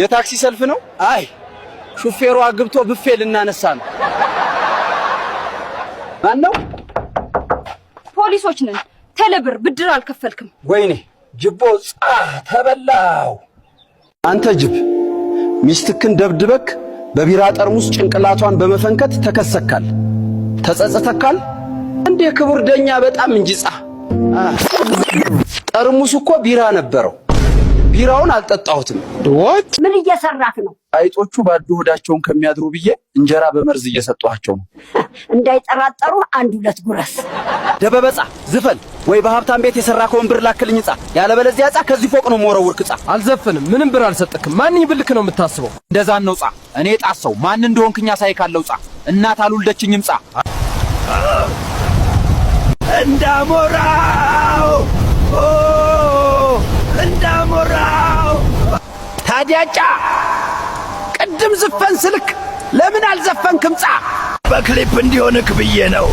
የታክሲ ሰልፍ ነው። አይ ሹፌሩ አግብቶ ብፌ ልናነሳ ነው። ማን ነው? ፖሊሶች ነን። ተለብር ብድር አልከፈልክም። ወይኔ ጅቦ ጻ ተበላው። አንተ ጅብ ሚስትክን ደብድበክ በቢራ ጠርሙስ ጭንቅላቷን በመፈንከት ተከሰካል። ተጸጸተካል እንዴ? ክቡር ደኛ በጣም እንጂ ጻ ጠርሙስ እኮ ቢራ ነበረው። ቢራውን አልጠጣሁትም። ድወት ምን እየሰራክ ነው? አይጦቹ ባዶ ሆዳቸውን ከሚያድሩ ብዬ እንጀራ በመርዝ እየሰጧቸው ነው። እንዳይጠራጠሩ አንድ ሁለት ጉረስ። ደበበጻ ዝፈን ወይ በሀብታም ቤት የሰራከውን ብር ላክልኝ ጻ፣ ያለበለዚያ ጻ ከዚህ ፎቅ ነው መወረውርክ። ጻ አልዘፍንም፣ ምንም ብር አልሰጥክም። ማንኝ ብልክ ነው የምታስበው? እንደዛን ነው ጻ። እኔ ጣሰው ማን እንደሆንክኛ ሳይ ካለው ጻ። እናት አልወለደችኝም ጻ እንዳሞራው አዲያጫ ቅድም ዝፈን ስልክ ለምን አልዘፈንክም? ጻ በክሊፕ እንዲሆንክ ብዬ ነው።